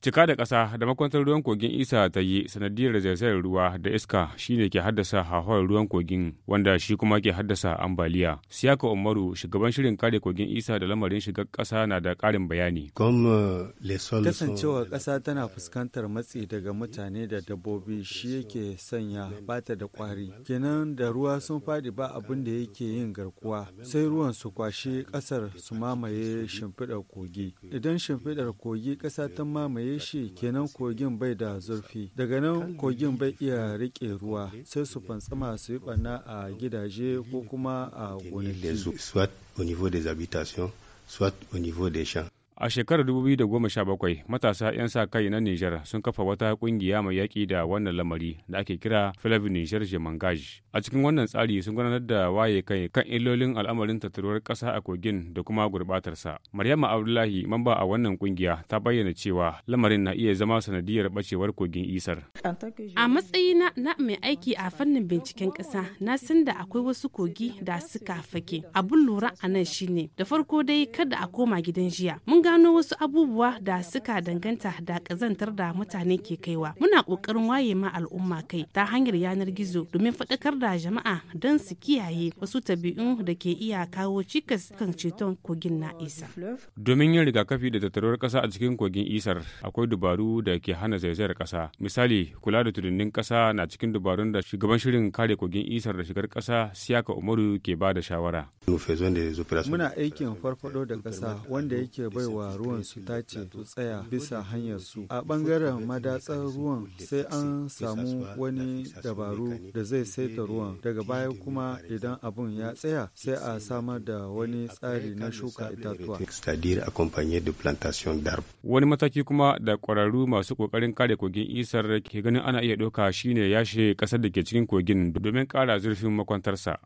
Cika da ƙasa da makwantar ruwan kogin Isa ta yi sanadiyar zaizayar ruwa da iska shine ke haddasa hauhawar ruwan kogin wanda shi kuma ke haddasa ambaliya. Siyaka Umaru shugaban shirin kare kogin Isa da lamarin shiga ƙasa na da ƙarin bayani. Euh, Kasancewar ƙasa tana fuskantar matsi daga mutane da dabbobi shi yake sanya bata da kwari Kenan da ruwa sun fadi ba abin da yake yin garkuwa sai ruwan su kwashe ƙasar su mamaye shimfiɗar kogi. Idan shimfiɗar kogi ƙasa ta mamaye mamaye shi kenan kogin bai da zurfi daga nan kogin bai iya rike ruwa sai su fantsama su yi barna a gidaje ko kuma a gonaki soit au niveau des habitations soit au niveau des champs A shekarar 2017 matasa 'yan sa kai na Nijar sun kafa wata kungiya mai yaƙi da wannan lamari da ake kira Flav Nijar Jemangaj. A cikin wannan tsari sun gudanar da waye kai kan illolin al'amarin tattaruwar ƙasa a kogin da kuma gurɓatarsa. Maryama Abdullahi mamba a wannan kungiya ta bayyana cewa lamarin na iya zama sanadiyar bacewar kogin Isar. A matsayina na mai aiki a fannin binciken ƙasa na san da akwai wasu kogi da suka fake. Abun lura a nan shine da farko dai kada a koma gidan jiya. Mun gano wasu abubuwa da suka danganta da kazantar da mutane ke kaiwa. Muna kokarin waye ma al'umma kai ta hanyar yanar gizo domin faɗakar da jama'a don su kiyaye wasu tabi'un da ke iya kawo cikas kan ceton kogin na isa. Domin yin rigakafi da tattaruwar kasa a cikin kogin isar akwai dubaru da ke hana zaizayar kasa Misali kula da tudunnin kasa na cikin dubarun da shugaban shirin kare kogin isar da shigar kasa siyaka umaru ke ba da shawara. Muna aikin farfado da kasa wanda yake baiwa wa ruwan su tace su tsaya bisa hanyar su a bangaren madatsar ruwan sai an samu wani dabaru da zai saita ruwan daga baya kuma idan abun ya tsaya sai a samar da wani tsari na shuka itatuwa wani mataki kuma da kwararru masu kokarin kare kogin isar ke ganin ana iya ɗauka shine yashe ƙasar da ke cikin kogin domin ƙara zurfin makwantarsa